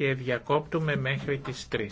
και διακόπτουμε μέχρι τις 3.